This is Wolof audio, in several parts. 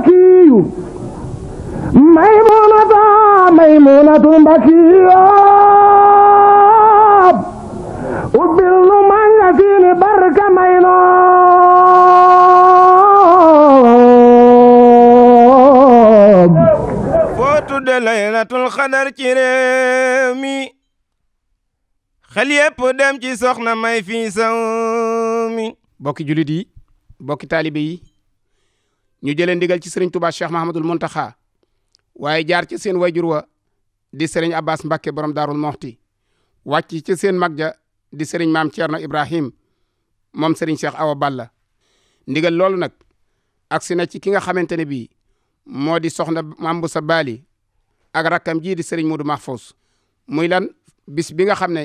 البكي ميمونة ميمونة بكية وبل من يتين برك مينا فوت ليلة القدر كريمي xel yëpp dem ci soxna may fii sawmi bokki julit yi bokki taalibe ñu jëlee ndigal ci sëriñ Touba Cheikh Mahamadul Muntaxa waaye jaar ci seen wayjur wa di sëriñ Abbas Mbacke borom Daarul Moxti wàcc ci seen mag ja di sëriñ maam Thierno Ibrahim moom sëriñ Cheikh Awa Balla ndigal loolu nag agsi na ci ki nga xamante ne bii moo di soxna Maam sa Baali ak rakkam jii di sëriñ Mudu Mahfous muy lan bis bi nga xam ne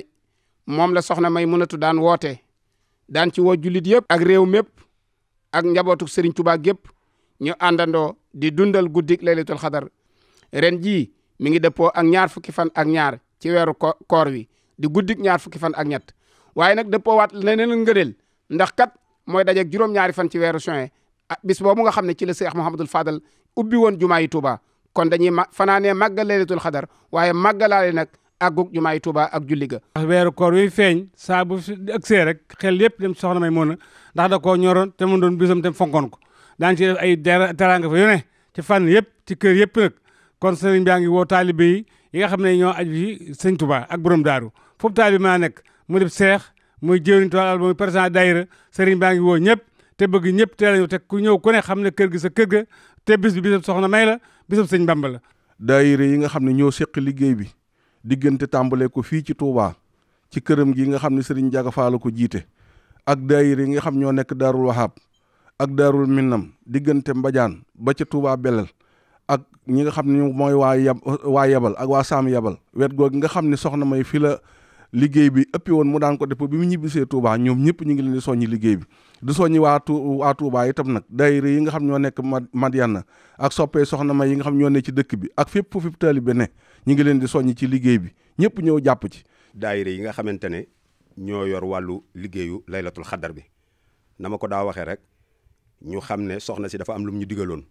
moom la soxna may mënatu daan woote daan ci woo jullit yëpp ak réew mépp ak njabootu sëriñ Tuubaa gépp ñu àndandoo di dundal guddik laylatul xadar ren jii mi ngi dëppoo ak ñaar fukki fan ak ñaar ci weeru koor wi di guddik ñaar fukki fan ak ñett waaye nag dëppoo waat leneen ngëneel ndax kat mooy dajeeg juróom-ñaari fan ci weeru juin bis boobu nga xam ne ci la Seex Muhammadul Fadal ubbi woon jumaa yi Tuuba kon dañuy ma fanaanee màggal laylatul xadar waaye màggalaale nag àggug jumaa yi Tuuba ak julli ga ndax weeru koor feeñ saa bu ëgsee rek xel yëpp dem soxna may moon a ndax da koo te mu doon bisam te fonkoon ko daan ci def ay teraanga fa yu ne ci fànn yëpp ci kër yëpp nag kon sëriñ baa ngi woo taalibe yi yi nga xam ne ñoo aju ci sëñ Tuubaa ak borom daaru foofu taalibe maa nekk mu def seex muy jëwriñ Tuubaa muy sant daayira sëriñ baa ngi woo ñëpp te bëgg ñëpp teel a te ku ñëw ku ne xam ne kër gi sa kër ga te bis bi bisab soxna may la bisab sëñ Bàmba la daayira yi nga xam ne ñoo seq liggéey bi diggante tàmbale ko fii ci Touba ci këram gi nga xam ne sëriñ Jaga Faal ko jiite ak daayira yi nga xam ñoo nekk Daarul Wahab ak daarul minnam diggante mbajaan ba ca Touba Belel ak ñi nga xam ne mooy waa yab waa yabal ak waa saam yabal wet googu nga xam ne soxna may fi la liggéey bi ëppi woon mu daan ko def bi mu ñibbisee Touba ñoom ñëpp ñu ngi leen di soññi liggéey bi di soññi waa tu itam nag daayira yi nga xam ñoo nekk Madiana ak soppee soxna may yi nga xam ñoo ne ci dëkk bi ak fépp fu fi taalibe ne ñu ngi leen di soññi ci liggéey bi ñëpp ñëw jàpp ci daayira yi nga xamante ne ñoo yor wàllu liggéeyu laylatul xadar bi na ma ko daa waxee rek ñu xam ne soxna si dafa am lu mu ñu digaloon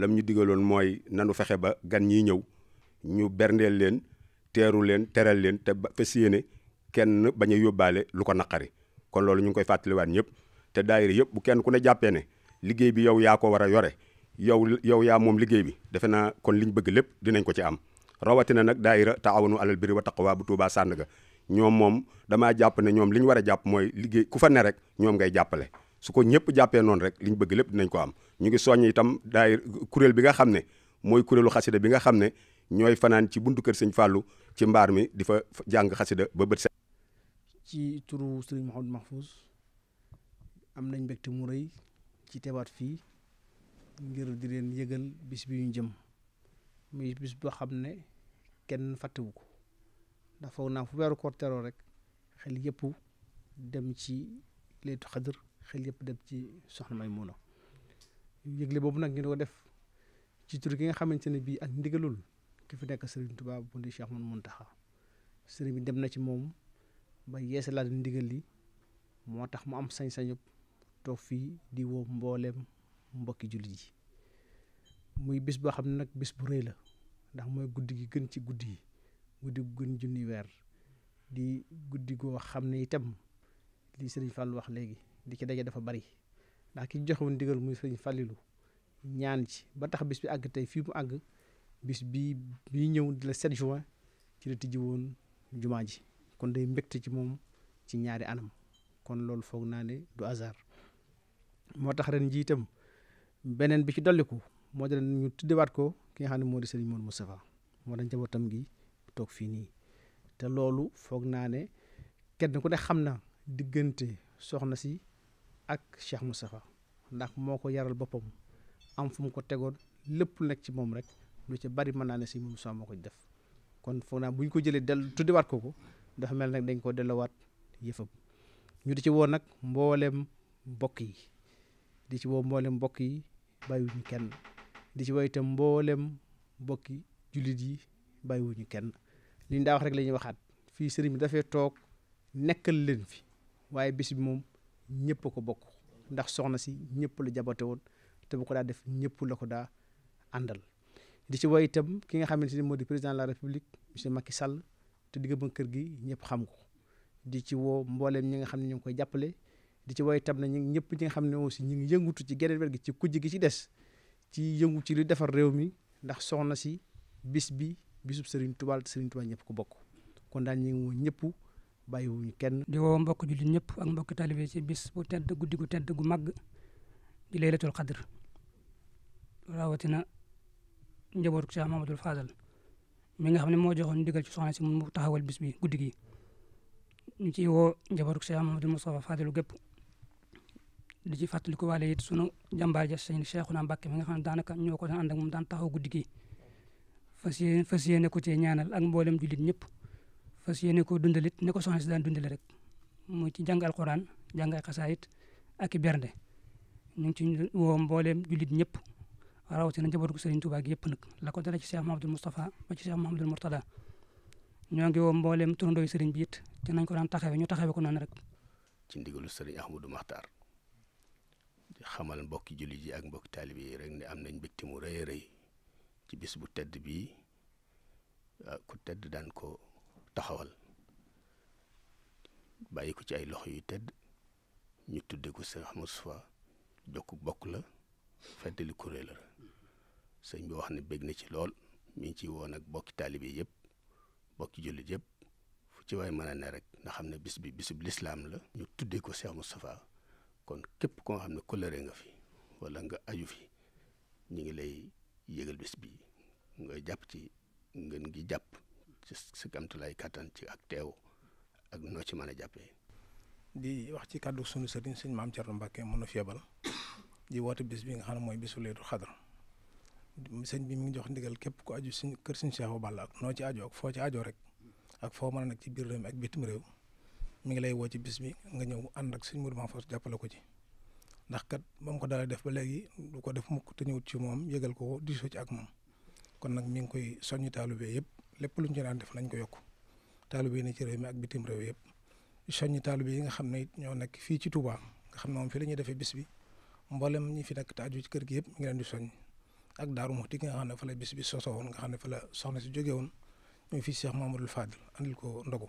lam ñu digaloon mooy nanu fexe ba gan ñiy ñëw ñu berndeel leen teeru leen teral leen te fas yéene kenn bañ a yóbbaale lu ko naqari kon loolu ñu ngi koy fàttaliwaat ñëpp te daayira yëpp bu kenn ku ne jàppee ne liggéey bi yow yaa ko war a yore yow yow yaa moom liggéey bi defe naa kon liñ bëgg lépp dinañ ko ci am rawatina nag daayira taawanu alal biri wa taqwa bu Tuubaa Sàndaga ñoom moom dama jàpp ne ñoom li ñu war a jàpp mooy liggéey ku fa rek ñoom ngay jàppale su ko ñëpp jàppee noonu rek li ñu bëgg lépp dinañ ko am ñu ngi soññ itam daay kuréel bi nga xam ne mooy kuréelu xasida bi nga xam ne ñooy fanaan ci buntu kër sëñ Fallou ci mbaar mi di fa jàng xasida ba bët set ci turu Serigne Mouhamadou Mahfouz am nañ mbégte mu rëy ci teewaat fii ngir di leen yëgal bis bi ñu jëm muy bis boo xam ne kenn fàttewu ko ndax foog naa fu weeru koor teroo rek xel yëpp dem ci leetu xadr xel yépp dem ci soxna Maymuna yëgle boobu nag ñu ko def ci tur ki nga xamante ne bii ak ndigalul ki fi nekk Serigne Touba bu di Cheikh Mountakha Serigne bi dem na ci moom ba yeesalaat ndigal li moo tax mu am sañ-sañu toog fii di woo mbooleem mbokki jullit yi muy bis boo xam ne nag bis bu rëy la ndax mooy guddi gi gën ci guddi yi guddi gu gën junni weer di guddi goo xam ne itam lii Serigne Fall wax léegi di ci daje dafa bari ndax ki joxe woon ndigal muy sëñ Fallilou ñaan ci ba tax bis bi àgg tey fii mu àgg bis bi bi ñëw di la 7 juin ci la tijji woon jumaa ji kon day mbégte ci moom ci ñaari anam kon loolu foog naa ne du hasard moo tax ren njiitam beneen bi ci dolliku moo di ñu tuddewaat ko ki nga xam ne moo di sëriñ Mourou Moustapha moo dañ njabootam gi toog fii nii te loolu foog naa ne kenn ku ne xam na diggante soxna si ak mu Moustapha ndax moo ko yaral boppam am fu mu ko tegoon lépp nekk ci moom rek lu ci bari mën naa ne si moom Moustapha moo ko def kon foog naa bu ko jëlee dellu tuddiwaat ko ko dafa mel nag dañ ko dellowaat yëfam ñu di ci woo nag mboolem mbokk yi di ci woo mboolem mbokk yi bàyyiwuñu kenn di ci woo itam mboolem mbokki jullit yi bàyyiwuñu kenn li daa wax rek lañuy waxaat fii sëriñ bi dafay toog nekkal leen fi waaye bis bi moom ñëpp ko bokk ndax soxna si ñëpp la jabate woon te bu ko daa def ñëpp la ko daa àndal di ci woy itam ki nga xamante ni moo di président de la république monsieur makki Sall te digg ba kër gi ñëpp xam ko di ci woo mbooleem ñi nga xam ne ñu ngi koy jàppale di ci woy itam na ñu ñëpp ñi nga xam ne aussi ñu ngi yëngutu ci geneen wet gi ci kujj gi ci des ci yëngu ci lu defar réew mi ndax soxna si bis bi bisub Serigne Touba Serigne Touba ñëpp ko bokk kon daal ñu ngi woo ñëpp bàyyiwuñu kenn. di woo mbokk jullit ñëpp ak mbokk talibe ci bis bu tedd guddi gu tedd gu màgg di laylatul xadr rawatina njabootu Cheikh Mamadou nga xam ne moo joxoon ndigal ci soxna si mu taxawal bis bi guddi gi ñu ciy woo njabootu Cheikh Mamadou Moustapha Fadal gépp di ci fàttali ko waale it sunu jàmbaar ja sëñ Cheikhouna Mbacke mi nga xam ne daanaka ñoo ko daan moom daan taxaw guddi gi fas fas yéene ko cee ñaanal ak mboolem jullit ñëpp. fas yéene koo dundalit ni ko soxna si daan dundale rek mu ci jàng alquran jàng ay ak i bernde ñu ngi ci woo mbooleem jullit ñëpp rawatina njabootu Serigne Touba gi yëpp nag la ko dala ci Cheikh Mahamadul Moustapha ba ci Cheikh Mahamadul Mourtada ñoo ngi woo mbooleem turandooy Serigne bi it te nañ ko daan taxawe ñu taxawe ko noonu rek ci ndigalu Serigne Ahmadou Makhtar di xamal mbokki jullit yi ak mbokki taalibe yi rek ne am nañ mbégte mu rëy a ci bis bu tedd bii daan ko taxawal bàyyi ko ci ay loxo yu tëdd ñu tudde ko sëñ Mustapha jokk bokk la feddali kuréel la sëñ boo wax ne bég na ci lool mi ngi ci woon ak bokki taalibe yëpp bokki jullit yépp fu ci waay mën a ne rek nga xam ne bis bi bisub lislaam la ñu tudde ko sëñ Mustapha kon képp ko nga xam ne coloré nga fi wala nga aju fi ñu ngi lay yëgal bis bi nga jàpp ci ngeen gi jàpp ci sa kamtulay kattan ci ak teew ak noo ci mën a jàppee. di wax ci kàddu sunu sëriñ sëñ maam Thierno Mbacke mën na fi yebal di woote bis bi nga xam ne mooy bisu leetu sëñ bi mi ngi jox ndigal képp ku aju suñ kër suñ Cheikh Balla ak noo ci ajoo ak ci ajoo rek ak foo man a nag ci biir réew ak bitim réew mi ngi lay woo ci bis nga ñëw ànd ak suñ mouvement jàppale ko ci ndax kat ko dalee def ba léegi du ko def mukk te ci moom yëgal ko diisoo ci ak moom kon nag mi ngi koy taalu taalubee yëpp lépp luñ ci daan def lañ ko yokk taalibe yi ne ci réew mi ak bitim réew yëpp soññi taalibe yi nga xam ne it ñoo nekk fii ci Touba nga xam ne moom la ñuy defee bis bi mboolem ñi fi nekk te aju ci kër gi yëpp ngi leen di soññ ak Daaru Muxti nga xam fa bis bi sosoo woon nga xam ne fa la soxna si jóge woon ñu fi Cheikh Mamadou Fadil andil ko ndogu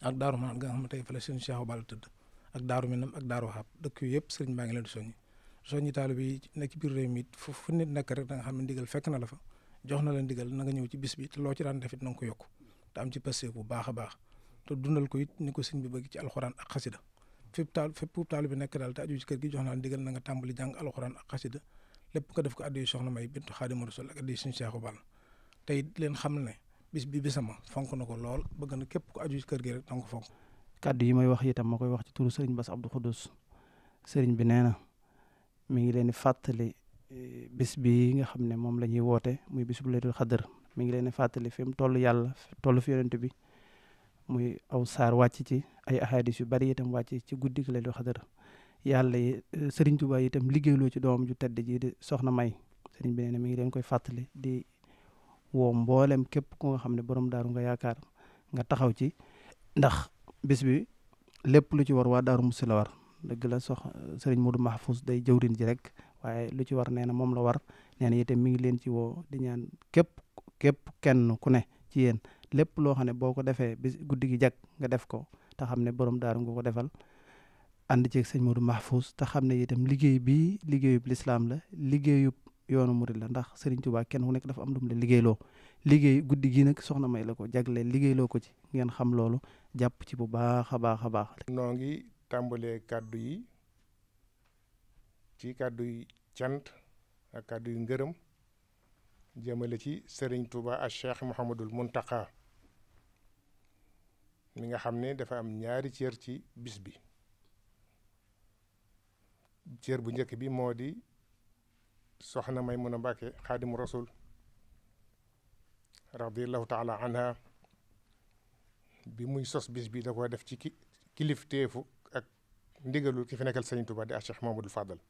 ak Daaru Manaan nga xam ne tey fa la suñu Cheikh Obal tëdd ak Daaru Minam ak Daaru Wahab dëkk yooyu yëpp sëriñ baa ngi leen di soññ soññi taalibe yi nekk ci biir réew mi fu nit nekk rek da nga xam ne ndigal fekk na la fa jox na leen ndigal na nga ñëw ci bis bi te loo ci daan def it na yokk te am ci pastéef bu baax a baax te dundal ko it ni ko sëñ bi bëgg ci alxuraan ak xasida fépp taal fépp taal bi nekk daal te aju ci na ko seexu bal te it leen xam ne bis bi bisama fonk na ko lool bëgg na képp ko aju ci kër gi rek danga ko fonk kàddu yi may wax itam ma koy wax ci turu sëriñ Bass Abdou Khoudous sëriñ bi nee na mi ngi leen di fàttali bis bi nga xam ne moom la ñuy woote muy bis bu laytul xadar mi ngi leen di fàttali fi mu toll yàlla tollu fi yonent bi muy aw saar wàcc ci ay ahadis yu bari itam wàcc ci guddi gi laytul xadar yàlla yi sëriñ Tuubaa itam liggéeyloo ci doom ju tedd ji di soxna May sëriñ bi nee na mi ngi leen koy fàttali di woo mboolem képp ku nga xam ne borom daaru nga yaakaar nga taxaw ci ndax bis bi lépp lu ci war waa daaru musi la war dëgg la sox sëriñ Modou Mahfouz day jëwrin ji rek waaye lu ci war nee na moom la war nee na itam mi ngi leen ci woo di ñaan képp képp kenn ku ne ci yéen lépp loo xam ne boo ko defee bis guddi gi jag nga def ko te xam ne borom daaru nga ko defal ànd ceeg sëñ Modou Mahfouz te xam ne itam liggéey bii liggéeyub lislaam la liggéeyub yoonu murid la ndax Serigne Touba kenn ku nekk dafa am lu mu la liggéeyloo liggéey guddi gi soxna may la ko jagleel liggéeyloo ko ci ngeen xam loolu jàpp ci bu baax a baax a baax. noo ngi tàmbalee kàddu yi. ci kàdduy cant ak kàdduy ngërëm jëmale ci sëriñ Touba ak Cheikh Mouhamadul Mountakha mi nga xam ne dafa am ñaari cër ci bis bi cër bu njëkk bi moo di soxna Maymuna Mbàkke xaadimu rasul radiallahu taala anha bi muy sos bis bi da def ci kilifteefu ak ndigalul ki fi nekkal sëriñ Touba di ak Cheikh Mouhamadul Fadal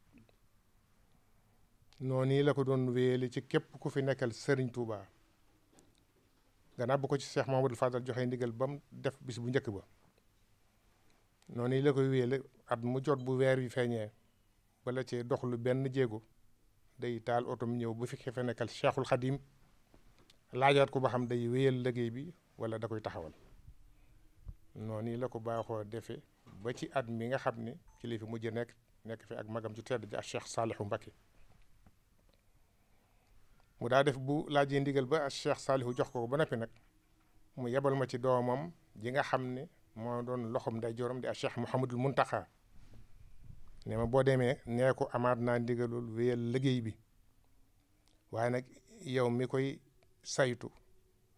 noonu yi la ko doon wéyale ci képp ku fi nekkal Serigne Touba gannaaw bu ko ci Cheikh Mamadou Fadal joxe ndigal ba mu def bis bu njëkk ba noonu yi la koy wéyale at mu jot bu weer wi feeñee bala cee dox lu benn jéego day taal mu ñëw bu fi xefe nekkal Cheikhul Khadim laajaat ko ba xam day wéyal liggéey bi wala da koy taxawal noonu yi la ko baaxoo defee ba ci at mi nga xam ne ci li fi mujj nekk nekk fi ak magam ju tedd ji ak Cheikh mbaki mu daa def bu laajee ndigal ba Cheikh Saalihu jox ko ba noppi nag mu yebal ma ci doomam ji nga xam ne moo doon loxom day joram di ak Cheikh Mouhamadul Muntaxa ma boo demee nee ko amaat naa ndigalul wéyal liggéey bi waaye nag yow mi koy saytu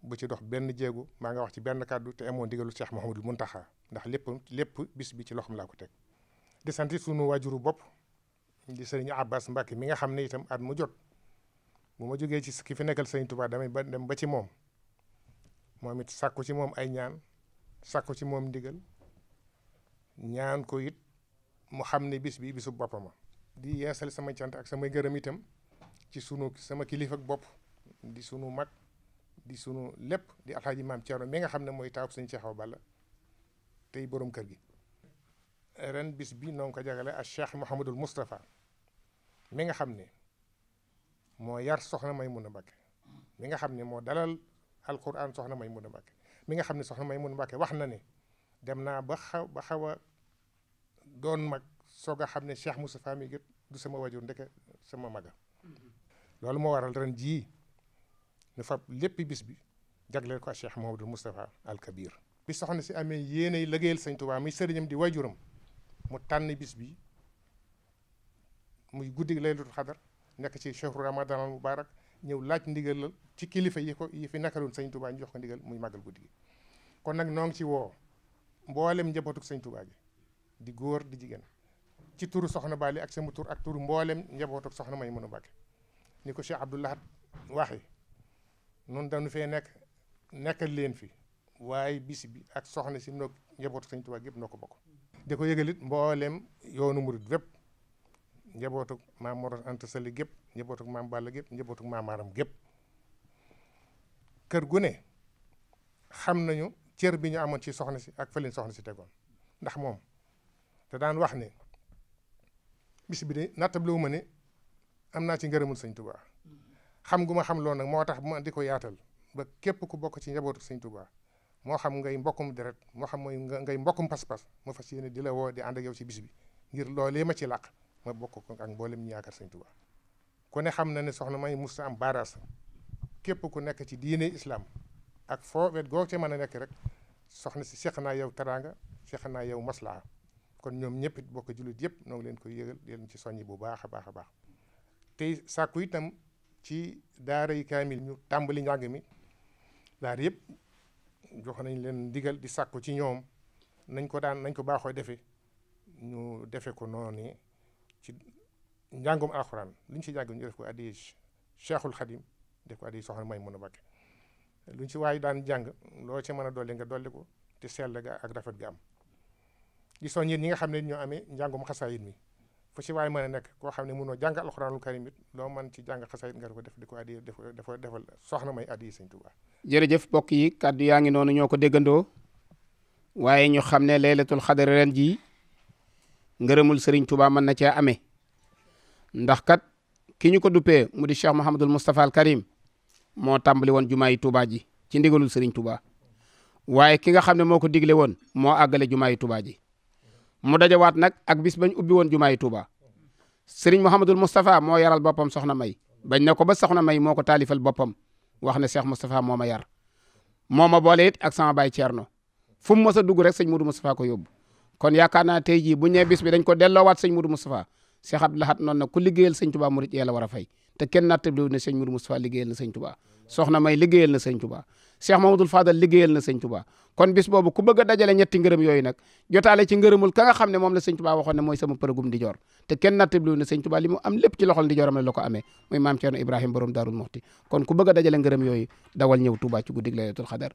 bu ci dox benn jéegu maa nga wax ci benn kàddu te amoo ndigalul Cheikh Mouhamadul Muntaxa ndax lépp lépp bis bi ci loxom laa ko teg di sant sunu waajuru bopp di sëriñ Abbas Mbacke mi nga xam ne itam at mu jot bu ma jógee ci ki fi nekkal sëñ Tuubaa damay ba dem ba ci moom moom it sàkku ci moom ay ñaan sàkku ci moom ndigal ñaan ko it mu xam ne bis bi bisu boppama di yeesal sama cant ak samay gërëm itam ci sunu sama kilifa bopp di sunu mag di sunu lépp di alxaaji maam Ceerno mi nga xam ne mooy taawub sëñ Cheikh Awa Balla tey borom kër gi ren bis bi noo ngi ko jagale ak Cheikh Mouhamadul Moustapha mi nga xam ni moo yar soxna a Mbàkke mi nga xam ni moo dalal alquran soxna mun a Mbàkke mi nga xam ne soxna Maymuna Mbàkke wax na ni dem naa ba xaw ba xaw a doon mag soog a xam ne Cheikh Moustapha mi gët du sama wajur ndeke sama maga loolu moo waral ren jii nu fab lépp bis bi jagleel ko Cheikh Mouhamadou Moustapha al Kabir bi soxna si amee yéenay liggéeyal sëñ Tuubaa muy sëriñam di wajuram mu tànn bis bi muy guddi laylatul xadar nekk ci chehru ramadanal mubarak ñëw laaj ndigalal ci kilifa yi ko yi fi nakaloon sëñ tubaa ñu jox ko ndigal muy màggal guddi gi kon nag noo ngi ci woo mboolem njabootuk sëñ tubaa gi di góor di jigéen ci turu soxna yi ak sama tur ak turu mboolem njabootuk soxna may mën a Mbàkke ni ko Cheikh Abdoulahat waxe noonu dañu fee nekk nekkal leen fi waaye bis bi ak soxna si noo njabootuk sëñ tubaa gi yëpp noo ko bokk di ko yëgalit mbooleem yoonu murit wépp njabootuk maam Mor Anta Sali gépp njabootuk maam Balla gépp njabootuk maam Maaram gépp kër gu ne xam nañu cër bi ñu amoon ci soxna si ak fële soxna si tegoon ndax moom te daan wax ne bis bi de nattabloo ma ne am naa ci ngërëmul sëñ Touba xam gu ma xam loolu nag moo tax ma di ko yaatal ba képp ku bokk ci njabootuk sëñ Touba moo xam ngay mbokkum deret moo xam mooy ngay mbokkum pas-pas ma fas yéene di la woo di ànd ak yow ci bis bi ngir loolee ma ci làq ma bokk ko ak mboolem ñu yaakaar sëñ Tuubaa ku ne xam na ne soxna may musta am baaraas képp ku nekk ci diine islaam ak foo wet goo ci mën a nekk rek soxna si seq naa yow taraanga seq naa yow maslaa kon ñoom ñëpp bokk jullit yëpp noo ngi leen ko yëgal di leen ci soññi bu baax a baax a baax tey itam ci daara yi kaamil ñu tàmbali njàng mi daara yëpp jox nañ leen ndigal di sàkku ci ñoom nañ ko daan nañ ko baaxoo defee ñu defe ko noonu ci njàngum alxuraan li ñu ci jàng ñu def ko addi cheikhul xadim def ko addi soxna may mën a bàkke lu ñu si waaye daan jàng loo ci mën a dolli nga dolli ko te sell ga ak rafet ga am di soñ ñi nga xam ne ñoo amee njàngum xasaayit mi fu si waaye mën a nekk koo xam ne mënoo jàng alxuraanul karim it loo mën ci jàng xasaayit nga ko def di ko addi def ko defal soxna may addi sëñ Tuubaa jërëjëf mbokk yi kàddu yaa ngi noonu ñoo ko déggandoo waaye ñu xam ne laylatul xadar ren jii ngërëmul Serigne Touba mën na cee amee ndax kat ki ñu ko duppee mu di Cheikh Mouhamadul Moustapha al Karim moo tàmbali woon jumaayi Touba ji ci ndigalul Serigne Touba waaye ki nga xam ne moo ko digle woon moo àggale jumaayi Touba ji mu dajawaat nag ak bis bañ ubbi woon jumaayi Touba Serigne Mouhamadul Moustapha moo yaral boppam soxna May bañ na ko ba soxna May moo ko taalifal boppam wax ne Cheikh Moustapha moo ma yar moo ma boole it ak sama baay Thierno fu mu mës a dugg rek sëñ Modou Moustapha ko yóbbu. kon yaakaar naa tey jii bu ñëwee bis bi dañ ko delloowaat sëñ Moudou Moustapha Cheikh Abdou Lahad noonu na ku liggéeyal sëñ Touba murid yee la war a fay te kenn nattabliwu ne sëñ Moudou Moustapha liggéeyal na sëñ Touba se May liggéeyal na sëñ Touba Cheikh Mamadou Fadal liggéeyal na sëñ Touba kon bis boobu ku bëgg a dajale ñetti ngërëm yooyu nag jotaale ci ngërëmul ka nga xam ne moom la sëñ Touba waxoon ne mooy sama përëgum di joor te kenn nattabliwu ne sëñ Touba li mu am lépp ci loxol di jooram la la ko amee muy maam Thierno Ibrahima borom bëgg a dajale yooyu dawal ñëw Touba ci guddig Laylatul Qadar